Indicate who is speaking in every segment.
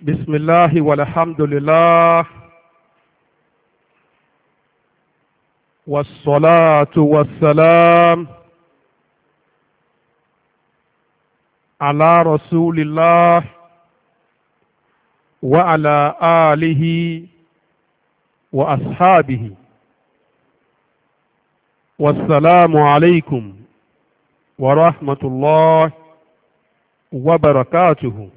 Speaker 1: بسم الله والحمد لله والصلاة والسلام على رسول الله وعلى آله وأصحابه والسلام عليكم ورحمة الله وبركاته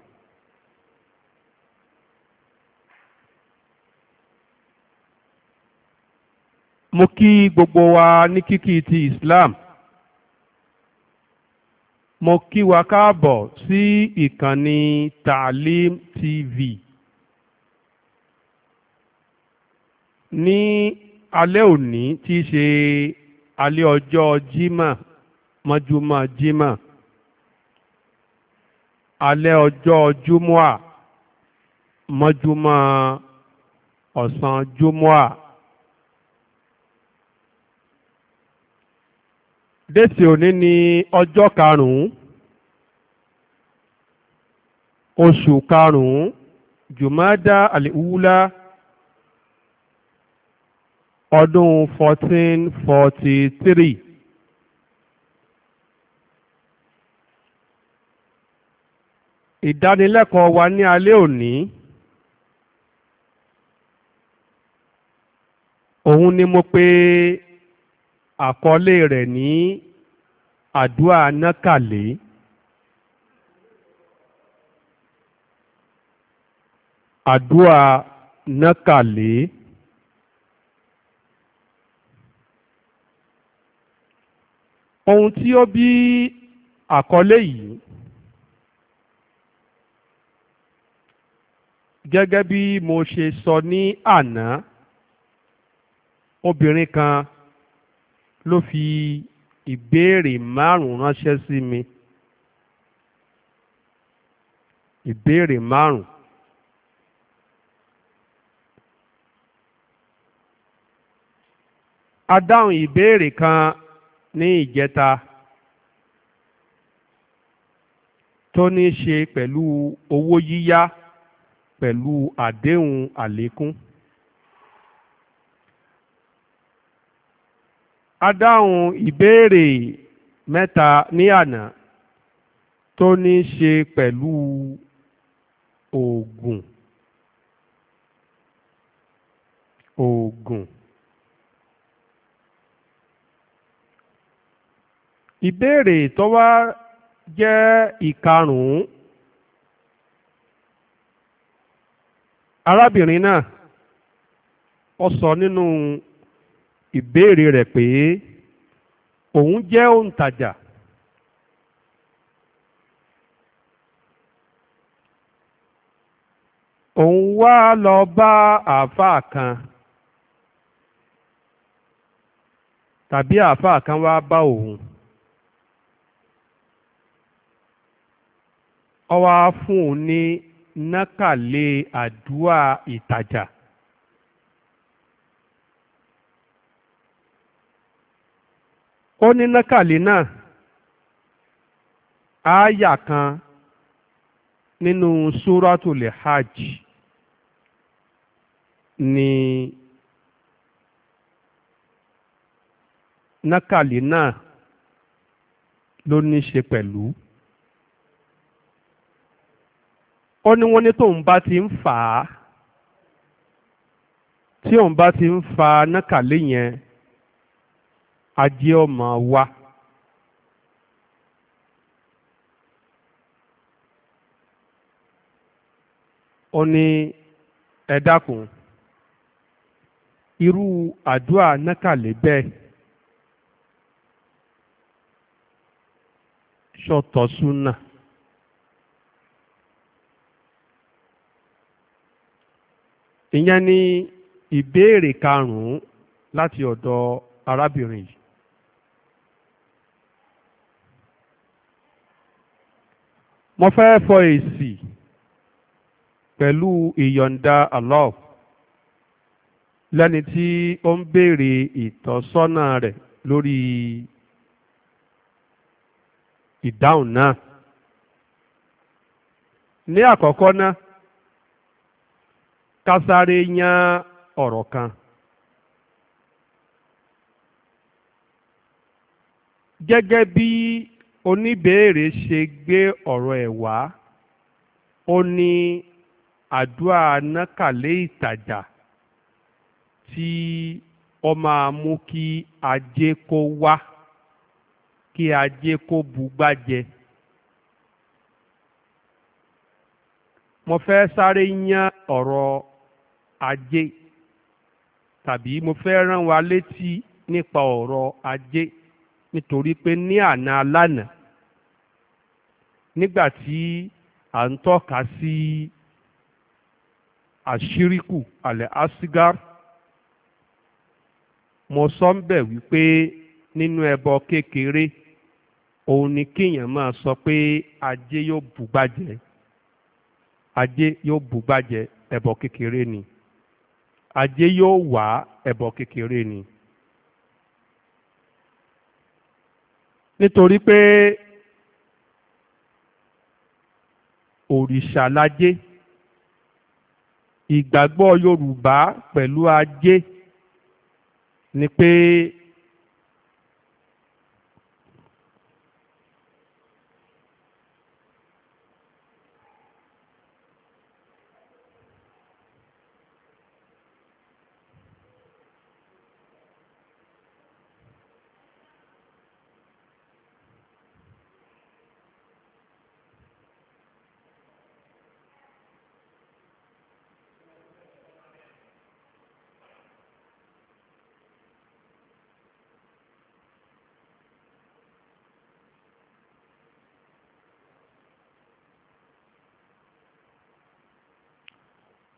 Speaker 1: mo kí gbogbo wa ní kíkí ti Islam mo kí wa káàbọ̀ sí ìkànnì Taalim TV ní alẹ́ òní tí í ṣe alẹ́ ọjọ́ jimá mọ́júmọ́ jimá alẹ́ ọjọ́ jumua mọ́júmọ́ ọ̀sán jumua. déètì òní ni ọjọ́ karùn-ún oṣù karùn-ún jùmọ́dá àlìwúlá ọdún 1443 ìdánilẹ́kọ̀ọ́ wa ní alé òní òun ni mo pé àkọlé rẹ̀ ní àdúrà nákàlé. àdúrà nákàlé. ohun tí ó bí àkọlé yìí gẹ́gẹ́ bí mo ṣe sọ ní àná obìnrin kan ló fi ìbéèrè márùn-ún ránṣẹ́ sí mi ìbéèrè márùn-ún. a dáhùn ìbéèrè kan ní ìjẹta tó ní ṣe pẹ̀lú owó yíyá pẹ̀lú àdéhùn àlékún. Adáhùn dáhùn ìbéèrè mẹ́ta ní àná tó ní ṣe pẹ̀lú ògùn. oògùn ìbéèrè tó wá jẹ́ ìkarùn-ún arábìnrin náà ó sọ nínú ìbéèrè rẹ̀ pé òun jẹ́ òǹtajà òun wá lọ bá àfáà kan tàbí àfáà kan wá bá òun ọwá wá fún òun ní nákàlẹ̀ àdúrà ìtajà. E ó ní nákàlí náà ááyà kan nínú súrátùlì hajj ni nákàlí náà ló ní ṣe pẹ̀lú ó ní wọ́n ní tóun ti ń fà á ti ń fa nákàlí ajé ọmọ wa. ó ní ẹ dákun irú àdúrà nákàlẹ́ bẹ́ẹ̀ ṣọ̀tọ̀ súnà ìyẹn ni ìbéèrè karùn-ún láti ọ̀dọ̀ arábìnrin yìí. mo fẹ́ fọ èsì pẹ̀lú ìyọ̀ǹda Allah lẹ́ni tí ó ń béèrè ìtọ́sọ́nà rẹ̀ lórí ìdáhùn náà ní àkọ́kọ́ náà kásáré yan ọ̀rọ̀ kan gẹ́gẹ́ bí onibere ṣe gbé ọ̀rọ̀ ẹ̀ wá ó ní àdúrà nákàlẹ́ ìtajà tí ó máa mú kí ajé kó wá kí ajé kó bugbájẹ. mo fẹ́ sáré yán ọ̀rọ̀ ajé tàbí mo fẹ́ rán wa létí nípa ọ̀rọ̀ ajé nítorí pé ní àná alánàá Nigbati tí à ń tọ́ka sí àṣíríkù alẹ́ asigar mo sọ ń bẹ̀ wípé nínú ẹbọ kékeré òun ni kéèyàn máa sọ pé ajé yóò bù ajé yóò ẹbọ kékeré ni ajé yóò wá ẹbọ kékeré ni nítorí pé òrìṣà lajé ìgbàgbọ́ Yorùbá pẹ̀lú ajé ni pé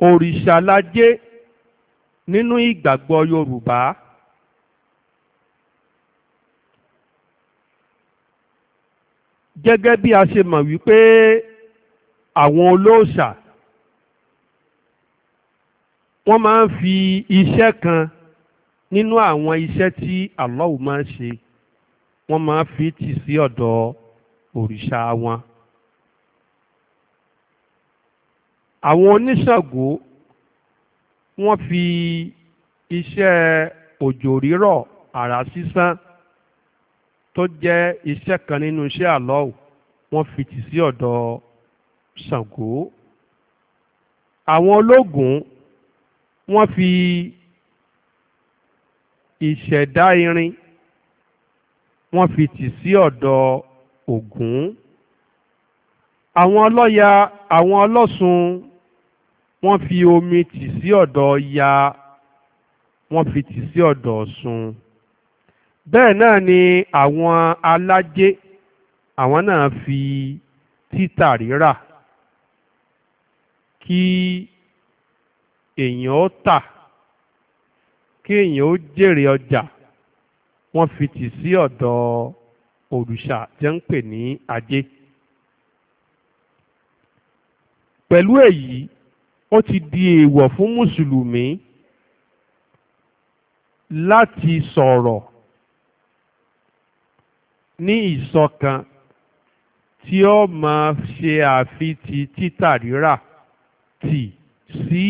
Speaker 1: òrìṣà la jẹ́ nínú ìgbàgbọ́ Yorùbá gẹ́gẹ́ bí a ṣe mọ̀ wípé àwọn olóòṣà wọ́n máa ń fi iṣẹ́ kan nínú àwọn iṣẹ́ tí Allah máa ń ṣe wọ́n máa ń fi tì sí ọ̀dọ̀ òrìṣà wọn. àwọn oníṣàngó wọ́n fi iṣẹ́ òjò rírọ̀ àrà sísán tó jẹ́ iṣẹ́ kan nínú iṣẹ́ àlọ́ọ̀ wọ́n fi tì sí ọ̀dọ̀ ṣàngó àwọn ológun wọ́n fi ìṣẹ̀dá irin wọ́n fi tì sí ọ̀dọ̀ ògún àwọn ọlọ́ya àwọn ọlọ́sùn wọ́n fi omi tì sí ọ̀dọ̀ ya wọ́n fi tì sí ọ̀dọ̀ ọ̀ṣun bẹ́ẹ̀ náà ni àwọn alájé àwọn náà fi títà rírà kí èèyàn ó tà kí èèyàn ó jèrè ọjà wọ́n fi tì sí ọ̀dọ̀ òrìṣà tí ń pè ní ajé pẹ̀lú èyí ó ti di èèwọ̀ fún mùsùlùmí láti sọ̀rọ̀ ní ìsọ̀kan tí ó máa ṣe àfitì títà rírà tì sí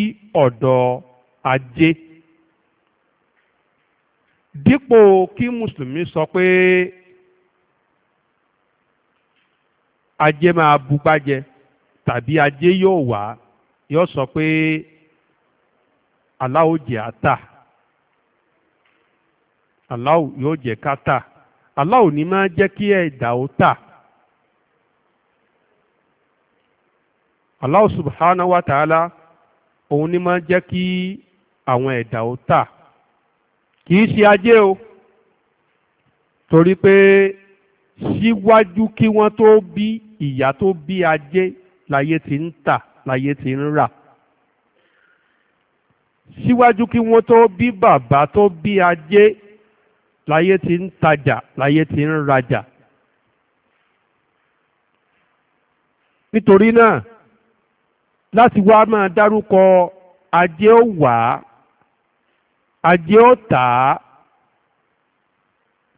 Speaker 1: ọ̀dọ̀ ajé dípò kí mùsùlùmí sọ pé ajé máa bugbájẹ tàbí ajé yóò wá yóò sọ pé aláwo jẹ ata aláwo yóò jẹ́ kátà aláwo ní máa jẹ́ kí ẹ̀dá ó tà. Allah subhanahu wa ta'ala òun ni máa jẹ kí àwọn ẹ̀dá ó tà kì í ṣe ajé o torí pé síwájú kí wọn tó bí ìyá tó bí ajé láyé ti ń tà láyé ti ń rà síwájú kí wọ́n tó bí bàbá tó bí ajé láyé ti ń tajà láyé ti ń rajà nítorí náà láti wá máa dárúkọ ajé ó wà ajé ó tà á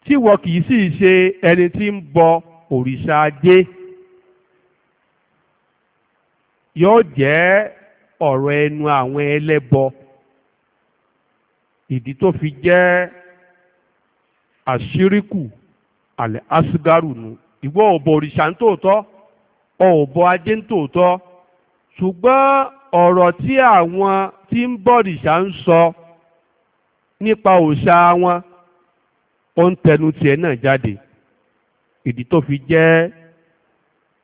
Speaker 1: tí wọ́n kì í sì ṣe ẹni tí ń bọ òrìṣà ajé yóò jẹ́ ọ̀rọ̀ ẹnu àwọn ẹlẹ́bọ ìdí tó fi jẹ́ àṣíríkù àlẹ́ asugaru nu ìwọ òbò òrìṣà ń tòótọ́ òbò ajé ń tòótọ́ ṣùgbọ́n ọ̀rọ̀ tí àwọn tí ń bọ̀rìṣà ń sọ nípa òòṣà wọn ó ń tẹnu tiẹ̀ náà jáde ìdí tó fi jẹ́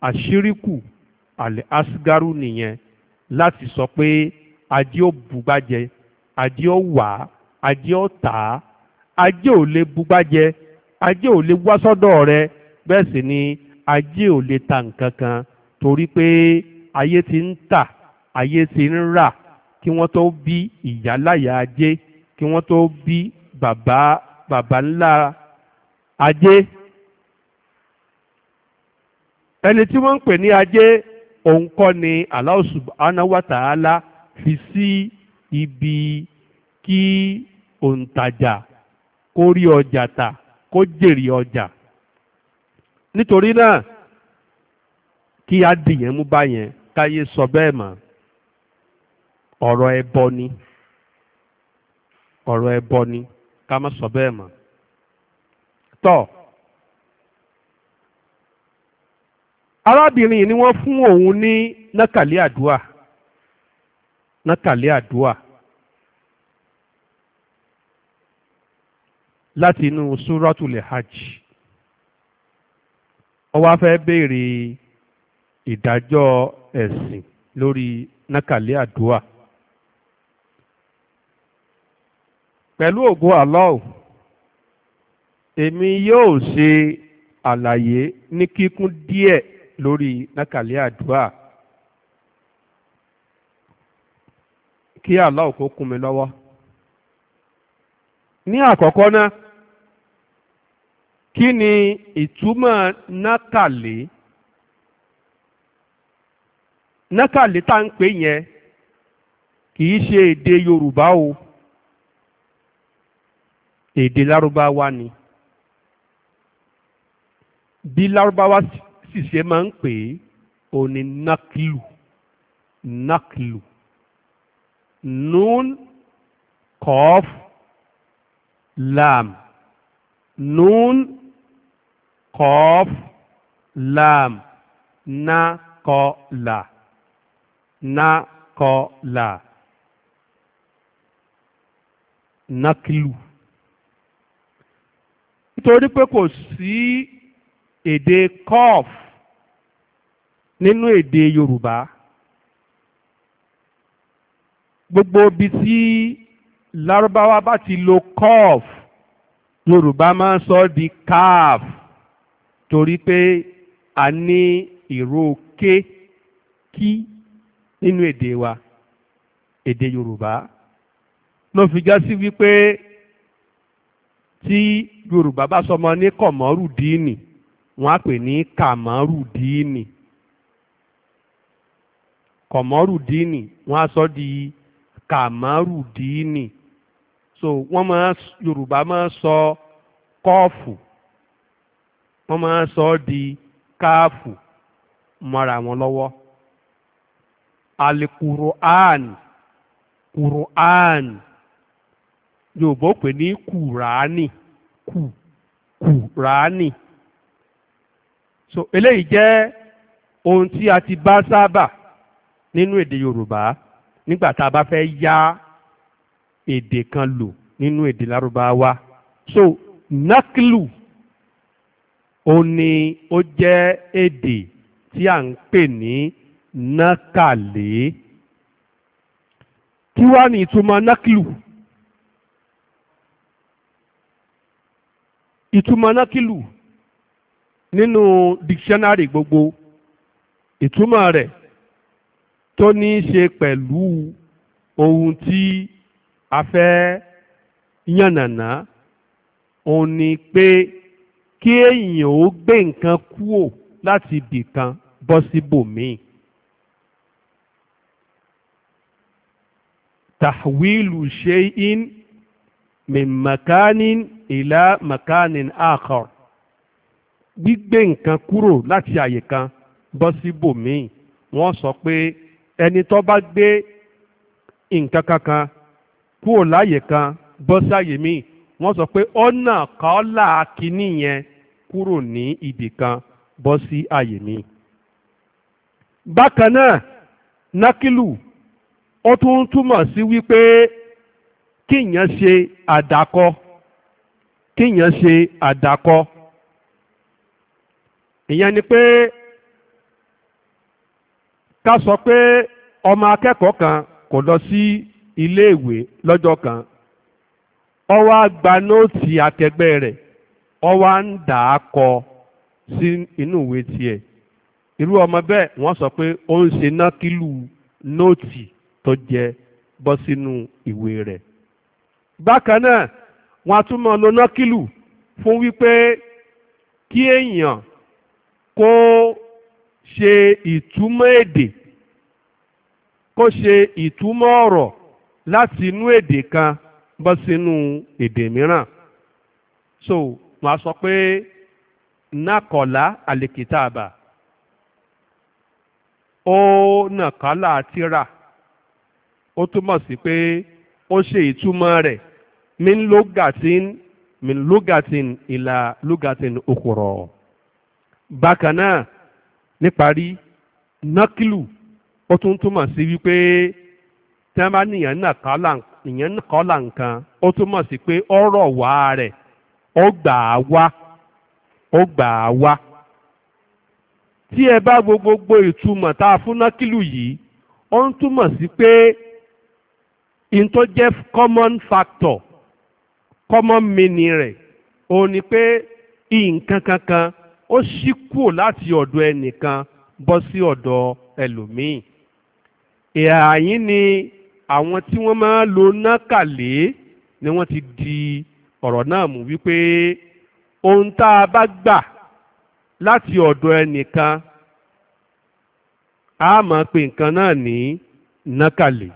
Speaker 1: àṣíríkù àlè asgaru nìyẹn láti sọ pé ajé ò bugbájẹ ajé ò wà ajé ò tà á ajé ò lè bugbájẹ ajé ò lè wá sọ́dọ̀ rẹ bẹ́ẹ̀ sì ni ajé ò lè ta nǹkan kan torí pé ayé ti ń tà ayé ti ń rà kí wọ́n tó bí ìyáláyà ajé kí wọ́n tó bí bàbá bàbá ńlá ajé ẹni tí wọ́n ń pè ní ajé òun kọ́ ni Allah subhanahu wa ta'ala fi sí ibi kí òǹtajà kó rí ọjà ta kó jèrè ọjà nítorí náà kí á dìyẹn mú báyẹn káyé sọ bẹ́ẹ̀ mọ́ ọ̀rọ̀ ẹbọ ni ọ̀rọ̀ ẹbọ ni ká má sọ bẹ́ẹ̀ mọ́ tọ́. arábìnrin yìí ni wọ́n fún òun ní nákàlẹ́ àdúà nákàlẹ́ àdúà láti inú súrọ́tùlẹ̀ hajj wọ́n wá fẹ́ béèrè ìdájọ́ ẹ̀sìn lórí nákàlẹ́ àdúà pẹ̀lú ògùn Allah èmi yóò ṣe àlàyé ní kíkún díẹ̀ lórí nákàlẹ́ àdúrà kí Allah kó kún mi lọ́wọ́ ní àkọ́kọ́ náà kí ni ìtumọ̀ nákàlẹ́ nákàlẹ́ tá ń pè yẹn kì í ṣe èdè Yorùbá o èdè Lárúbáwá ni bí Lárúbáwá sì sì ṣe máa ń pè é ó náklù náklù nun kọf lam nun kọf lam nakọla nakọla náklù nítorí pé kò sí. Si èdè cough nínú èdè Yorùbá gbogbo ibi tí Lárúbáwá bá ti lo cough Yorùbá máa ń sọ di calf torí pé a ní ìró ké kí nínú èdè wa èdè Yorùbá ló fi já sí wípé tí Yorùbá bá sọmọ ní kọ̀mọ́rù díìnì wọ́n á pè ní kàmárùdíìnì kọ̀mọ́rùdíìnì wọ́n á sọ di kàmárùdíìnì so wọ́n máa yorùbá máa sọ kọ́ọ̀fù wọ́n máa sọ ọ́ di káàfù mọ́ra wọn lọ́wọ́ alikuruan kuruan yorùbá pè ní kùránì kù kùránì so eléyìí jẹ́ ohun tí a ti bá sábà nínú èdè Yorùbá nígbà tá a bá fẹ́ yá èdè kan lò nínú èdè Lárúbáwá so naklu oni ni ó jẹ́ èdè tí à ń pè ní nákàlé kí wá ní ìtumọ̀ nákìlù ìtumọ̀ nákìlù nínú dictionary gbogbo ìtumọ̀ rẹ̀ tó ní í ṣe pẹ̀lú ohun tí a fẹ́ yànnàná òun ni pé kí èèyàn ó gbé nǹkan kúò láti ibì kan bọ́ síbòmíì. tahwilu shay'in min makanin ila makanin akhar gbígbé nǹkan kúrò láti àyè kan bọ́ sí bòmíì wọ́n sọ pé ẹni tó bá gbé nǹkan kankan kúrò láyè kan bọ́ sí àyè míì wọ́n sọ pé ọ̀nà kọ́là kínní yẹn kúrò ní ibì kan bọ́ sí àyè míì. bákan náà nákìlù ó tún túmọ̀ sí wípé kíyàn ṣe àdàkọ kíyàn ṣe àdàkọ ìyẹn ni pé ká sọ pé ọmọ akẹ́kọ̀ọ́ kan kò lọ sí iléèwé lọ́jọ́ kan ó wá gba nóòtì akẹgbẹ́ rẹ̀ ó wá ń dà á kọ sí inú ìwé tiẹ̀ irú ọmọ bẹ́ẹ̀ wọ́n sọ pé ó ń ṣe nákìlù nóòtì tó jẹ bọ́ sínú ìwé rẹ̀ bákan náà wọ́n á tún mọ̀ lo nákìlù fún wípé kí èèyàn kó ṣe ìtumọ̀ èdè kó ṣe ìtumọ̀ ọ̀rọ̀ láti inú èdè kan bọ́ sínú èdè mìíràn so wọ́n á sọ pé nàkọ̀lá àlèkìtàbà ó nàkálà tírà ó túmọ̀ sí pé ó ṣe ìtumọ̀ rẹ̀ min lugatin min lugatin ila lugatin okoro. baka níparí nọ́kìlù ó tún túmọ̀ sí wípé tí wọ́n bá náà nǹkan ó túmọ̀ sí pé ọ̀rọ̀ wá rẹ̀ ó gbà á wá ó gbà á wá tí ẹ bá gbogbogbò ìtumọ̀ tá a fún yìí ó ń pé in common factor common meaning rẹ̀ ó ní pé nǹkan kankan ó ṣí kúrò láti ọ̀dọ̀ ẹnìkan bọ́ sí ọ̀dọ̀ ẹlòmíì ìhà ni àwọn tí wọ́n máa lo nákàlé ni wọ́n ti di ọ̀rọ̀ náà mú wípé ohun tá a bá gbà láti ọ̀dọ̀ ẹnìkan a máa pe nǹkan náà ní nákàlé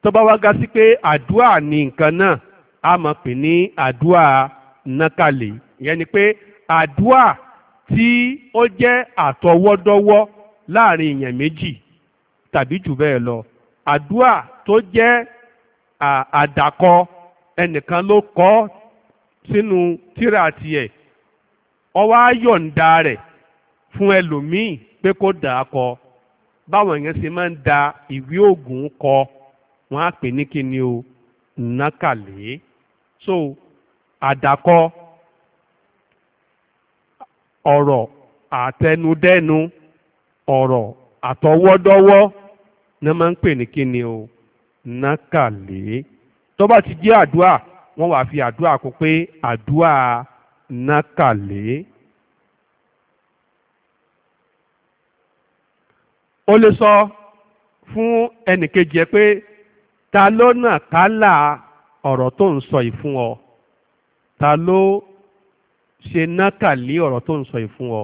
Speaker 1: tó bá wá ga sí pé àdúà ni nǹkan náà a máa pè ní àdúà nákàlé ìyẹn ni pé àdúà. tí ó jẹ́ àtọwọ́dọ́wọ́ láàrin èèyàn méjì tàbí jù bẹ́ẹ̀ lọ àdúà tó jẹ́ àdàkọ ẹnìkan ló kọ sínú tírà tiẹ̀ ó wá yọ̀ǹda rẹ̀ fún ẹlòmíì pé kó dà á kọ báwọn èèyàn ṣe máa ń da ìwé ògùn kọ wọn á pè ní kíni o nákàlẹ́ so àdàkọ ọ̀rọ̀ àtẹnudẹ́nu ọ̀rọ̀ àtọwọ́dọ́wọ́ ní máa ń pè ní kíni o nákàlé tó bá ti jẹ́ àdúà wọ́n wàá fi àdúà kó pé àdúà nákàlé. ó lè sọ fún ẹnìkejì ẹ pé ta ló nà kálà ọ̀rọ̀ tó ń sọ yìí fún ọ ta ló ṣe nákàlí ọ̀rọ̀ tó ń sọ yìí fún ọ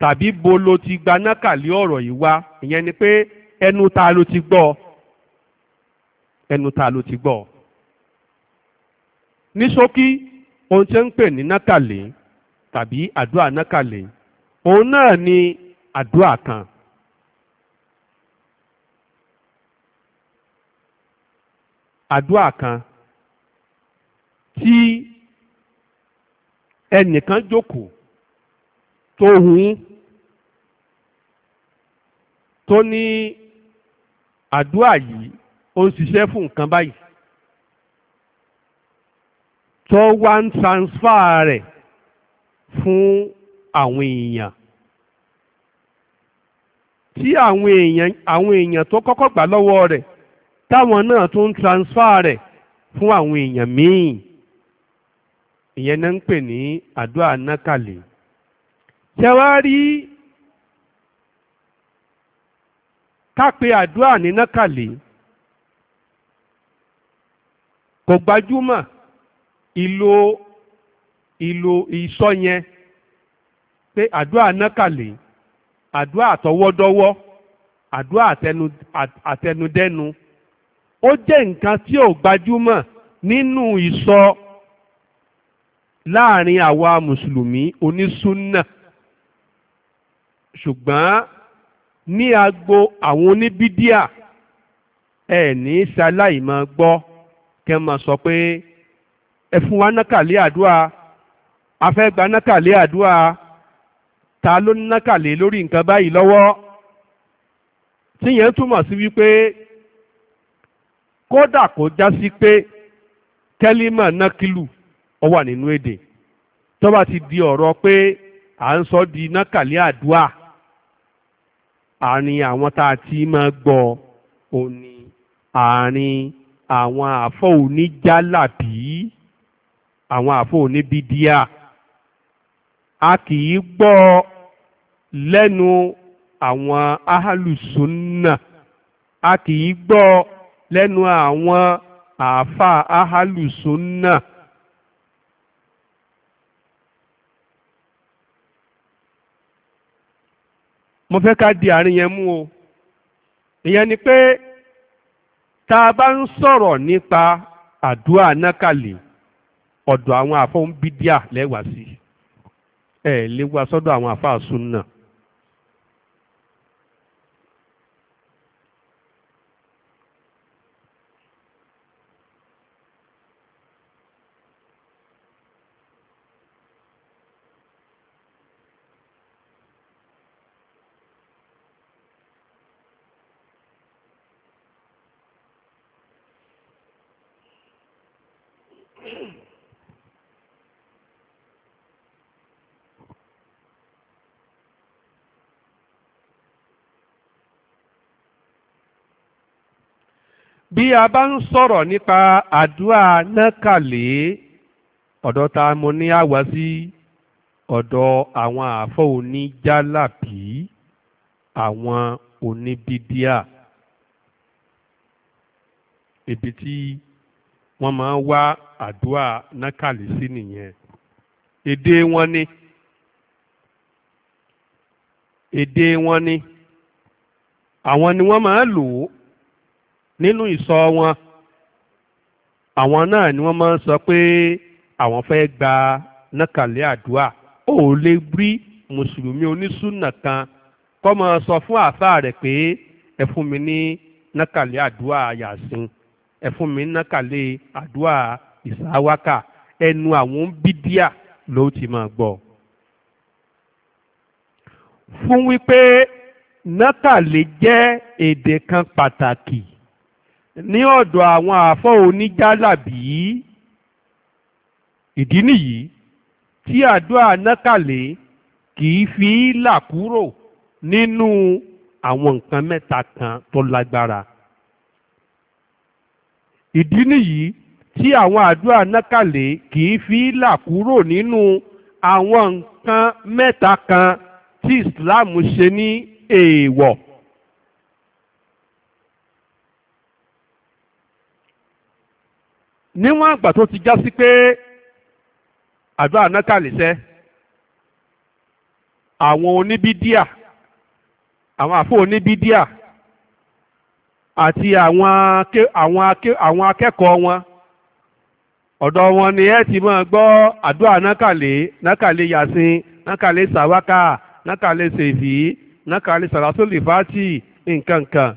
Speaker 1: tàbí bo lo ti gba nákàlí ọ̀rọ̀ yìí wá ìyẹn ni pé ẹnu ta ló ti gbọ́ ẹnu ta ló ti gbọ́ ní ṣókí ohun tí ń pè ní nákàlí tàbí àdúrà nákàlí òun náà ni àdúrà kan àdúrà kan tí ẹnìkan jókòó tó hun tó ní àdúrà yìí ó ń ṣiṣẹ́ fún nǹkan báyìí tó wá ń transfer rẹ̀ fún àwọn èèyàn tí àwọn èèyàn tó kọ́kọ́ gbà lọ́wọ́ rẹ̀ táwọn náà tún transfer rẹ̀ fún àwọn èèyàn míì. ìyẹn náà ń pè ní àdúrà nákàlè ṣẹwárí kápẹ àdúrà ní nákàlè kò gbajúmọ̀ ìlò ìlò ìsọ yẹn pé àdúrà nákàlè àdúrà àtọwọ́dọ́wọ́ àdúrà àtẹnudẹ́nu ó jẹ́ nǹkan tí ò gbajúmọ̀ nínú ìsọ. So láàrin àwa mùsùlùmí onísúnnà ṣùgbọ́n ní agbo àwọn oníbídíà ẹ ní ṣaláì máa gbọ́ kẹ́ máa sọ pé ẹ fún wa nákàlẹ́ àdúrà a fẹ́ gba nákàlẹ́ àdúrà ta ló ní nákàlẹ́ lórí nǹkan báyìí lọ́wọ́ tíyẹn túmọ̀ sí wípé kódà kó já sí pé kẹ́límà nákìlù ó wà nínú èdè tó bá ti di ọ̀rọ̀ pé à ń sọ di nákàlẹ́ àdúà àárín àwọn tá a ti máa gbọ́ òní àárín àwọn àfọ oníjálàbí àwọn àfọ oníbídíà a kì í gbọ́ lẹ́nu àwọn ahàlùsùnà a kì í gbọ́ lẹ́nu àwọn àáfà ahàlùsùnà. mo fẹ́ ká di àárín yẹn mú o ìyẹn ni pé tá a bá ń sọ̀rọ̀ nípa àdúrà nákàlè ọ̀dọ̀ àwọn àfọ̀nbídíà lẹ́wàá sí ẹ̀ lè wá sọ́dọ̀ àwọn àfáà sunna bí a bá ń sọ̀rọ̀ nípa àdúrà nákàlẹ́ ọ̀dọ̀ ta mo ní àwá sí ọ̀dọ̀ àwọn àfọ́ oníjálàbí àwọn oníbídíà ibi tí wọ́n máa ń wá àdúrà nákàlẹ́ sí nìyẹn èdè wọn ni èdè wọn ni àwọn ni wọ́n máa ń lò ó nínú ìsọ wọn àwọn náà ni wọ́n máa ń sọ pé àwọn fẹ́ gba nákàlẹ́ àdúrà ó lè rí mùsùlùmí onísùnà kan kọ́ máa sọ fún àáfàá rẹ̀ pé ẹ fún mi ní nákàlẹ́ àdúrà yàsìn ẹ fún mi ní nákàlẹ́ àdúrà ìsáwákà ẹnu àwọn bídíà ló ti máa gbọ́. fún wípé nákàlẹ́ jẹ́ èdè kan pàtàkì ní ọ̀dọ̀ àwọn àfọ́ oníjálàbí ìdí nìyí tí àdúrà nákàlẹ́ kì í fi là kúrò nínú àwọn nǹkan mẹ́ta kan tó lágbára. ìdí nìyí tí àwọn àdúrà nákàlẹ́ kì í fi là kúrò nínú àwọn nǹkan mẹ́ta kan tí Islam ṣe ní èèwọ̀. E níwọ̀n àgbà tó ti já sí pé àdúrà náà kàlẹ́sẹ́ àwọn oníbídíà àwọn àfọ oníbídíà àti àwọn akẹ́kọ̀ọ́ wọn ọ̀dọ̀ wọn ni ẹ ti máa gbọ́ àdúrà nákàlẹ́ nákàlẹ́ yasin nákàlẹ́ sàwákà nákàlẹ́ sèfì nákàlẹ́ sàràsólì fàtì nǹkan